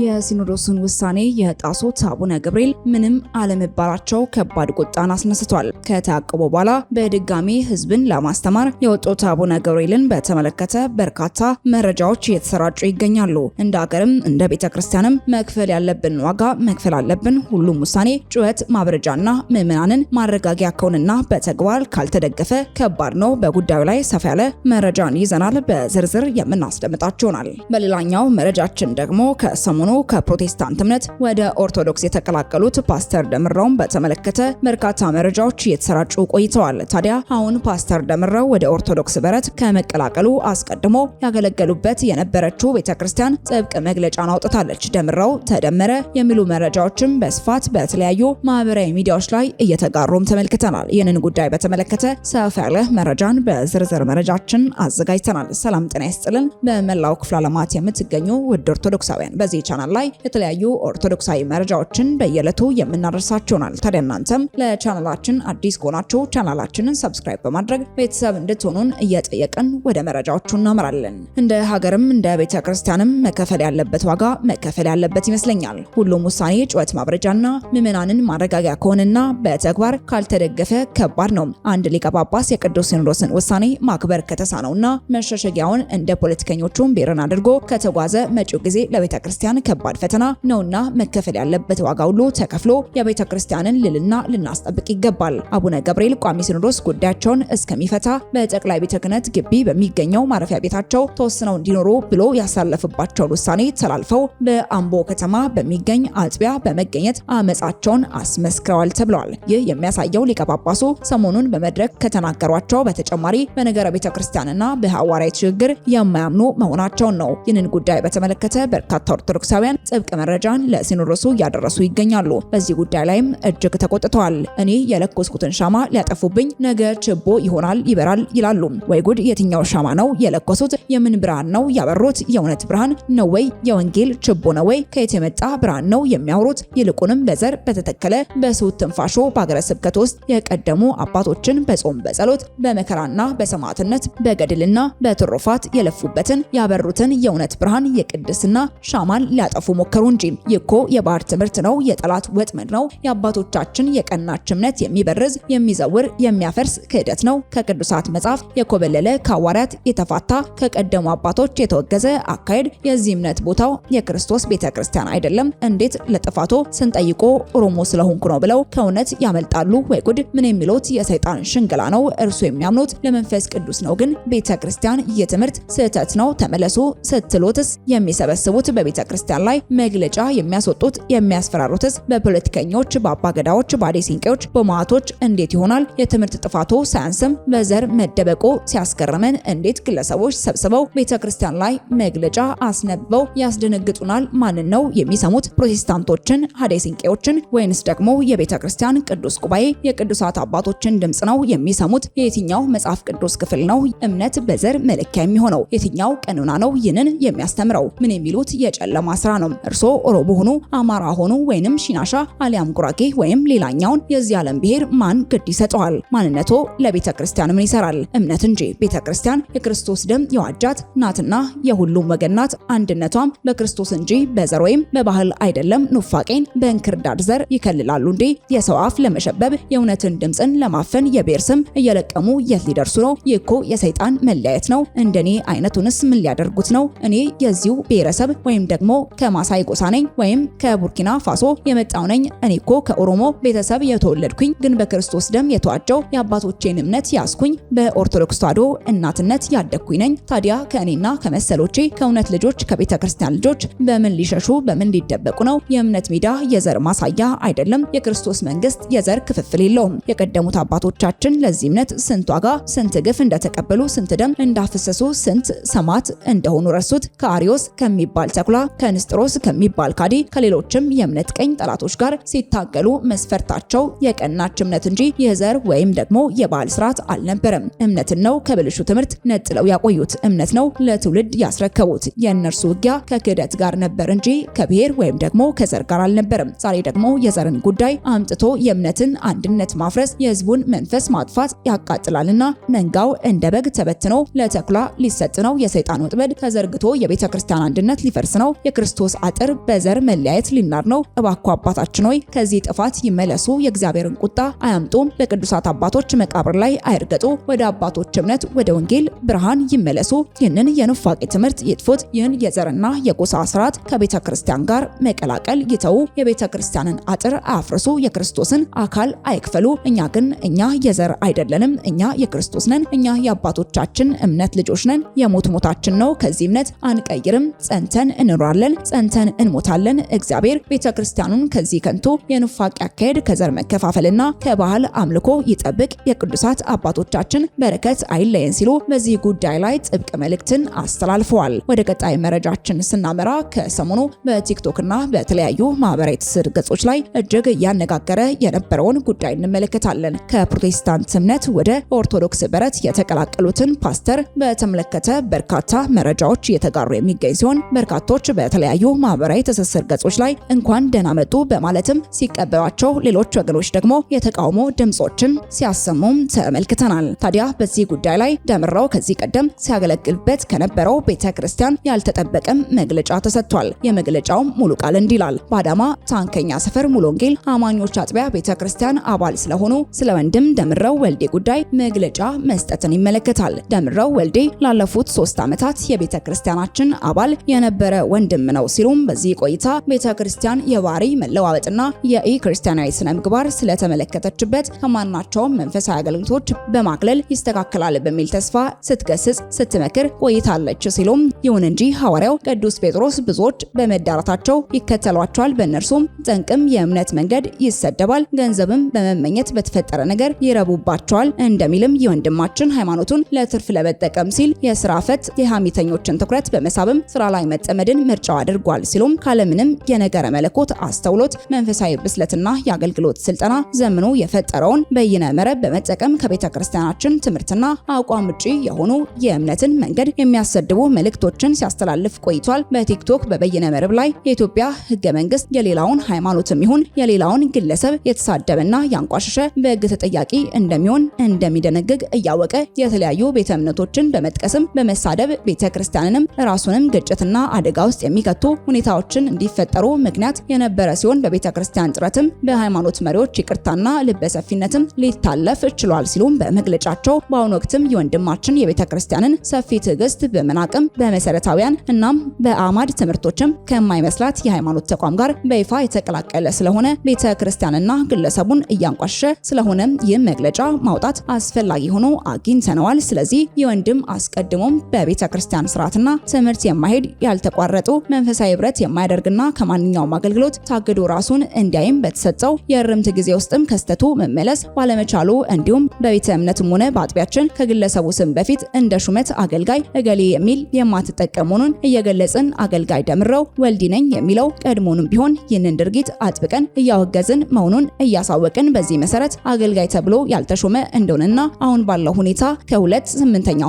የሲኖዶሱን ውሳኔ የጣሱት አቡነ ገብርኤል ምንም አለመባላቸው ከባድ ቁጣን አስነስቷል። ከታቀቡ በኋላ በድጋሚ ህዝብን ለማስተማር የወጡት አቡነ ገብርኤልን በተመለከተ በርካታ መረጃዎች እየተሰራጩ ይገኛሉ። እንደ ሀገርም እንደ ቤተ ክርስቲያንም መክፈል ያለብን ዋጋ መክፈል አለብን። ሁሉም ውሳኔ ጩኸት ማብረጃና ምዕመናንን ማረጋጊያ ከሆነና በተግባር ካልተደገፈ ከባድ ነው። በጉዳዩ ላይ ሰፋ ያለ መረጃን ይዘናል፣ በዝርዝር የምናስደምጣችሁ በሌላኛው መረጃችን ደግሞ ከሰ ከሰሞኑ ከፕሮቴስታንት እምነት ወደ ኦርቶዶክስ የተቀላቀሉት ፓስተር ደምራውን በተመለከተ በርካታ መረጃዎች እየተሰራጩ ቆይተዋል። ታዲያ አሁን ፓስተር ደምራው ወደ ኦርቶዶክስ በረት ከመቀላቀሉ አስቀድሞ ያገለገሉበት የነበረችው ቤተክርስቲያን ጥብቅ መግለጫን አውጥታለች። ደምራው ተደመረ የሚሉ መረጃዎችም በስፋት በተለያዩ ማህበራዊ ሚዲያዎች ላይ እየተጋሩም ተመልክተናል። ይህንን ጉዳይ በተመለከተ ሰፋ ያለ መረጃን በዝርዝር መረጃችን አዘጋጅተናል። ሰላም ጤና ይስጥልን። በመላው ክፍለ ዓለማት የምትገኙ ውድ ኦርቶዶክሳውያን በዚህ በዚህ ቻናል ላይ የተለያዩ ኦርቶዶክሳዊ መረጃዎችን በየዕለቱ የምናደርሳችሁ ይሆናል። ታዲያ እናንተም ለቻናላችን አዲስ ከሆናችሁ ቻናላችንን ሰብስክራይብ በማድረግ ቤተሰብ እንድትሆኑን እየጠየቅን ወደ መረጃዎቹ እናመራለን። እንደ ሀገርም እንደ ቤተ ክርስቲያንም መከፈል ያለበት ዋጋ መከፈል ያለበት ይመስለኛል። ሁሉም ውሳኔ ጩኸት ማብረጃና ምዕመናንን ማረጋጊያ ከሆነና በተግባር ካልተደገፈ ከባድ ነው። አንድ ሊቀ ጳጳስ የቅዱስ ሲኖዶስን ውሳኔ ማክበር ከተሳነውና መሸሸጊያውን እንደ ፖለቲከኞቹም ብሔርን አድርጎ ከተጓዘ መጪው ጊዜ ለቤተ ክርስቲያን ክርስቲያን ከባድ ፈተና ነውና መከፈል ያለበት ዋጋ ሁሉ ተከፍሎ የቤተ ክርስቲያንን ልልና ልናስጠብቅ ይገባል። አቡነ ገብርኤል ቋሚ ሲኖዶስ ጉዳያቸውን እስከሚፈታ በጠቅላይ ቤተ ክህነት ግቢ በሚገኘው ማረፊያ ቤታቸው ተወስነው እንዲኖሩ ብሎ ያሳለፍባቸውን ውሳኔ ተላልፈው በአምቦ ከተማ በሚገኝ አጥቢያ በመገኘት አመፃቸውን አስመስክረዋል ተብለዋል። ይህ የሚያሳየው ሊቀ ጳጳሱ ሰሞኑን በመድረክ ከተናገሯቸው በተጨማሪ በነገረ ቤተ ክርስቲያንና በሐዋርያዊ ሽግግር የማያምኑ መሆናቸውን ነው። ይህንን ጉዳይ በተመለከተ በርካታ ኦርቶዶክስ ኦርቶዶክሳውያን ጥብቅ መረጃን ለሲኖዶሱ እያደረሱ ይገኛሉ። በዚህ ጉዳይ ላይም እጅግ ተቆጥተዋል። እኔ የለኮስኩትን ሻማ ሊያጠፉብኝ ነገ ችቦ ይሆናል ይበራል ይላሉ። ወይ ጉድ! የትኛው ሻማ ነው የለኮሱት? የምን ብርሃን ነው ያበሩት? የእውነት ብርሃን ነው ወይ? የወንጌል ችቦ ነው ወይ? ከየት የመጣ ብርሃን ነው የሚያወሩት? ይልቁንም በዘር በተተከለ በስሁት ትንፋሾ በሀገረ ስብከት ውስጥ የቀደሙ አባቶችን በጾም በጸሎት በመከራና በሰማዕትነት በገድልና በትሩፋት የለፉበትን ያበሩትን የእውነት ብርሃን የቅድስና ሻማን ሊያጠፉ ሞከሩ እንጂ። ይህ እኮ የባህር ትምህርት ነው፣ የጠላት ወጥመድ ነው፣ የአባቶቻችን የቀናች እምነት የሚበርዝ የሚዘውር የሚያፈርስ ክህደት ነው። ከቅዱሳት መጽሐፍ የኮበለለ ከሐዋርያት የተፋታ ከቀደሙ አባቶች የተወገዘ አካሄድ። የዚህ እምነት ቦታው የክርስቶስ ቤተ ክርስቲያን አይደለም። እንዴት ለጥፋቶ ስንጠይቆ ኦሮሞ ስለሆንኩ ነው ብለው ከእውነት ያመልጣሉ? ወይ ጉድ! ምን የሚሉት የሰይጣን ሽንገላ ነው። እርሱ የሚያምኑት ለመንፈስ ቅዱስ ነው። ግን ቤተ ክርስቲያን ይህ ትምህርት ስህተት ነው ተመለሱ ስትሎትስ የሚሰበስቡት በቤተ ክርስቲያን ላይ መግለጫ የሚያስወጡት የሚያስፈራሩትስ በፖለቲከኞች፣ በአባገዳዎች፣ በአዴሲንቄዎች፣ በመዓቶች እንዴት ይሆናል? የትምህርት ጥፋቶ ሳያንስም በዘር መደበቆ ሲያስገርመን እንዴት ግለሰቦች ሰብስበው ቤተ ክርስቲያን ላይ መግለጫ አስነብበው ያስደነግጡናል? ማንን ነው የሚሰሙት? ፕሮቴስታንቶችን፣ አዴሲንቄዎችን ወይንስ ደግሞ የቤተ ክርስቲያን ቅዱስ ጉባኤ የቅዱሳት አባቶችን ድምጽ ነው የሚሰሙት? የየትኛው መጽሐፍ ቅዱስ ክፍል ነው እምነት በዘር መለኪያ የሚሆነው? የትኛው ቀኖና ነው ይህንን የሚያስተምረው? ምን የሚሉት የጨለ የቀለማ ስራ ነው። እርስዎ ኦሮሞ ሆኑ፣ አማራ ሆኑ ወይንም ሺናሻ አሊያም ጉራጌ ወይም ሌላኛውን የዚህ ዓለም ብሔር ማን ግድ ይሰጠዋል? ማንነቶ ለቤተ ክርስቲያን ምን ይሰራል? እምነት እንጂ ቤተ ክርስቲያን የክርስቶስ ደም የዋጃት ናትና የሁሉም ወገን ናት። አንድነቷም በክርስቶስ እንጂ በዘር ወይም በባህል አይደለም። ኑፋቄን በእንክርዳድ ዘር ይከልላሉ እንዴ? የሰው አፍ ለመሸበብ የእውነትን ድምፅን ለማፈን የብሔር ስም እየለቀሙ የት ሊደርሱ ነው? ይህ እኮ የሰይጣን መለያየት ነው። እንደኔ አይነቱንስ ምን ሊያደርጉት ነው? እኔ የዚሁ ብሔረሰብ ወይም ደግሞ ደግሞ ከማሳይ ጎሳ ነኝ ወይም ከቡርኪና ፋሶ የመጣው ነኝ፣ እኔ እኮ ከኦሮሞ ቤተሰብ የተወለድኩኝ ግን በክርስቶስ ደም የተዋጀው የአባቶቼን እምነት ያስኩኝ በኦርቶዶክስ ተዋሕዶ እናትነት ያደግኩኝ ነኝ። ታዲያ ከእኔና ከመሰሎቼ ከእውነት ልጆች ከቤተ ክርስቲያን ልጆች በምን ሊሸሹ በምን ሊደበቁ ነው? የእምነት ሜዳ የዘር ማሳያ አይደለም። የክርስቶስ መንግስት የዘር ክፍፍል የለውም። የቀደሙት አባቶቻችን ለዚህ እምነት ስንት ዋጋ ስንት ግፍ እንደተቀበሉ ስንት ደም እንዳፈሰሱ ስንት ሰማዕት እንደሆኑ ረሱት። ከአሪዮስ ከሚባል ተኩላ ከንስጥሮስ ከሚባል ካዲ ከሌሎችም የእምነት ቀኝ ጠላቶች ጋር ሲታገሉ መስፈርታቸው የቀናች እምነት እንጂ የዘር ወይም ደግሞ የባህል ስርዓት አልነበረም። እምነትን ነው ከብልሹ ትምህርት ነጥለው ያቆዩት። እምነት ነው ለትውልድ ያስረከቡት። የእነርሱ ውጊያ ከክህደት ጋር ነበር እንጂ ከብሔር ወይም ደግሞ ከዘር ጋር አልነበረም። ዛሬ ደግሞ የዘርን ጉዳይ አምጥቶ የእምነትን አንድነት ማፍረስ፣ የህዝቡን መንፈስ ማጥፋት ያቃጥላልና መንጋው እንደ በግ ተበትኖ ለተኩላ ሊሰጥ ነው። የሰይጣን ወጥመድ ተዘርግቶ የቤተ ክርስቲያን አንድነት ሊፈርስ ነው። የክርስቶስ አጥር በዘር መለያየት ሊናር ነው። እባኮ አባታችን ሆይ ከዚህ ጥፋት ይመለሱ፣ የእግዚአብሔርን ቁጣ አያምጡ፣ በቅዱሳት አባቶች መቃብር ላይ አይርገጡ፣ ወደ አባቶች እምነት ወደ ወንጌል ብርሃን ይመለሱ። ይህንን የኑፋቄ ትምህርት ይጥፉት። ይህን የዘርና የጎሳ ስርዓት ከቤተ ክርስቲያን ጋር መቀላቀል ይተዉ። የቤተ ክርስቲያንን አጥር አያፍርሱ፣ የክርስቶስን አካል አይክፈሉ። እኛ ግን እኛ የዘር አይደለንም፣ እኛ የክርስቶስ ነን። እኛ የአባቶቻችን እምነት ልጆች ነን። የሞት ሞታችን ነው። ከዚህ እምነት አንቀይርም፣ ጸንተን እንኖራለን። እንኖራለን፣ ጸንተን እንሞታለን። እግዚአብሔር ቤተክርስቲያኑን ከዚህ ከንቱ የኑፋቄ አካሄድ፣ ከዘር መከፋፈልና ከባህል አምልኮ ይጠብቅ፣ የቅዱሳት አባቶቻችን በረከት አይለየን ሲሉ በዚህ ጉዳይ ላይ ጥብቅ መልእክትን አስተላልፈዋል። ወደ ቀጣይ መረጃችን ስናመራ ከሰሞኑ በቲክቶክና በተለያዩ ማህበራዊ ትስስር ገጾች ላይ እጅግ እያነጋገረ የነበረውን ጉዳይ እንመለከታለን። ከፕሮቴስታንት እምነት ወደ ኦርቶዶክስ በረት የተቀላቀሉትን ፓስተር በተመለከተ በርካታ መረጃዎች እየተጋሩ የሚገኝ ሲሆን በርካቶች በ በተለያዩ ማህበራዊ ትስስር ገጾች ላይ እንኳን ደህና መጡ በማለትም ሲቀበሏቸው፣ ሌሎች ወገኖች ደግሞ የተቃውሞ ድምጾችን ሲያሰሙም ተመልክተናል። ታዲያ በዚህ ጉዳይ ላይ ደምረው ከዚህ ቀደም ሲያገለግልበት ከነበረው ቤተ ክርስቲያን ያልተጠበቀም መግለጫ ተሰጥቷል። የመግለጫው ሙሉ ቃል እንዲህ ይላል። በአዳማ ታንከኛ ሰፈር ሙሉ ወንጌል አማኞች አጥቢያ ቤተ ክርስቲያን አባል ስለሆኑ ስለ ወንድም ደምረው ወልዴ ጉዳይ መግለጫ መስጠትን ይመለከታል። ደምረው ወልዴ ላለፉት ሶስት ዓመታት የቤተ ክርስቲያናችን አባል የነበረ ወንድም ግብም ነው ሲሉም በዚህ ቆይታ ቤተ ክርስቲያን የባህሪ መለዋወጥና የኢ ክርስቲያናዊ ስነ ምግባር ስለተመለከተችበት ከማናቸውም መንፈሳዊ አገልግሎቶች በማቅለል ይስተካከላል በሚል ተስፋ ስትገስጽ ስትመክር ቆይታለች ሲሉም ይሁን እንጂ ሐዋርያው ቅዱስ ጴጥሮስ ብዙዎች በመዳራታቸው ይከተሏቸዋል፣ በእነርሱም ጠንቅም የእምነት መንገድ ይሰደባል፣ ገንዘብም በመመኘት በተፈጠረ ነገር ይረቡባቸዋል እንደሚልም የወንድማችን ሃይማኖቱን ለትርፍ ለመጠቀም ሲል የስራ ፈት የሐሜተኞችን ትኩረት በመሳብም ስራ ላይ መጠመድን ምርጫው አድርጓል ሲሉም ካለምንም የነገረ መለኮት አስተውሎት መንፈሳዊ ብስለትና የአገልግሎት ስልጠና ዘመኑ የፈጠረውን በይነ መረብ በመጠቀም ከቤተ ክርስቲያናችን ትምህርትና አቋም ውጪ የሆኑ የእምነትን መንገድ የሚያሰድቡ መልእክቶችን ሲያስተላልፍ ቆይቷል። በቲክቶክ በበይነ መረብ ላይ የኢትዮጵያ ህገ መንግስት የሌላውን ሃይማኖትም ይሁን የሌላውን ግለሰብ የተሳደበና ያንቋሸሸ በህግ ተጠያቂ እንደሚሆን እንደሚደነግግ እያወቀ የተለያዩ ቤተ እምነቶችን በመጥቀስም በመሳደብ ቤተ ክርስቲያንንም ራሱንም ግጭትና አደጋ ውስጥ የሚገቱ ሁኔታዎችን እንዲፈጠሩ ምክንያት የነበረ ሲሆን በቤተ ክርስቲያን ጥረትም በሃይማኖት መሪዎች ይቅርታና ልበሰፊነትም ሊታለፍ ችሏል ሲሉም በመግለጫቸው በአሁኑ ወቅትም የወንድማችን የቤተ ክርስቲያንን ሰፊ ትዕግስት በመናቅም በመሰረታዊያን እናም በአማድ ትምህርቶችም ከማይመስላት የሃይማኖት ተቋም ጋር በይፋ የተቀላቀለ ስለሆነ ቤተ ክርስቲያንና ግለሰቡን እያንቋሸ ስለሆነ ይህም መግለጫ ማውጣት አስፈላጊ ሆኖ አግኝተነዋል። ስለዚህ የወንድም አስቀድሞም በቤተ ክርስቲያን ስርዓትና ትምህርት የማሄድ ያልተቋረጡ መንፈሳዊ ህብረት የማያደርግና ከማንኛውም አገልግሎት ታግዶ ራሱን እንዲያይም በተሰጠው የእርምት ጊዜ ውስጥም ከስተቱ መመለስ ባለመቻሉ እንዲሁም በቤተ እምነትም ሆነ በአጥቢያችን ከግለሰቡ ስም በፊት እንደ ሹመት አገልጋይ እገሌ የሚል የማትጠቀም መሆኑን እየገለጽን አገልጋይ ደምረው ወልዲ ነኝ የሚለው ቀድሞንም ቢሆን ይህንን ድርጊት አጥብቀን እያወገዝን መሆኑን እያሳወቅን በዚህ መሰረት አገልጋይ ተብሎ ያልተሾመ እንደሆነና አሁን ባለው ሁኔታ ከ2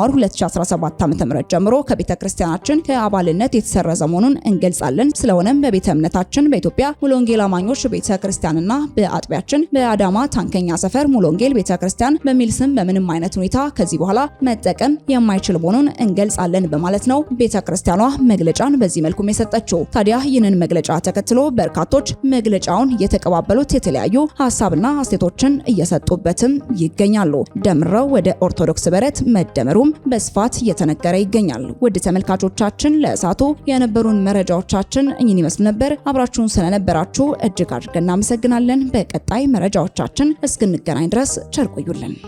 ወር 2017 ዓ.ም ጀምሮ ከቤተክርስቲያናችን ከአባልነት የተሰረዘ መሆኑ መሆኑን እንገልጻለን። ስለሆነም በቤተ እምነታችን በኢትዮጵያ ሙሉ ወንጌል አማኞች ቤተ ክርስቲያንና በአጥቢያችን በአዳማ ታንከኛ ሰፈር ሙሉ ወንጌል ቤተ ክርስቲያን በሚል ስም በምንም አይነት ሁኔታ ከዚህ በኋላ መጠቀም የማይችል መሆኑን እንገልጻለን በማለት ነው ቤተ ክርስቲያኗ መግለጫን በዚህ መልኩም የሰጠችው። ታዲያ ይህንን መግለጫ ተከትሎ በርካቶች መግለጫውን የተቀባበሉት የተለያዩ ሀሳብና አስተያየቶችን እየሰጡበትም ይገኛሉ። ደምረው ወደ ኦርቶዶክስ በረት መደመሩም በስፋት እየተነገረ ይገኛል። ውድ ተመልካቾቻችን ለእሳቱ የነበሩ አሁን መረጃዎቻችን እኚህን ይመስል ነበር። አብራችሁን ስለነበራችሁ እጅግ አድርገን እናመሰግናለን። በቀጣይ መረጃዎቻችን እስክንገናኝ ድረስ ቸር ቆዩልን።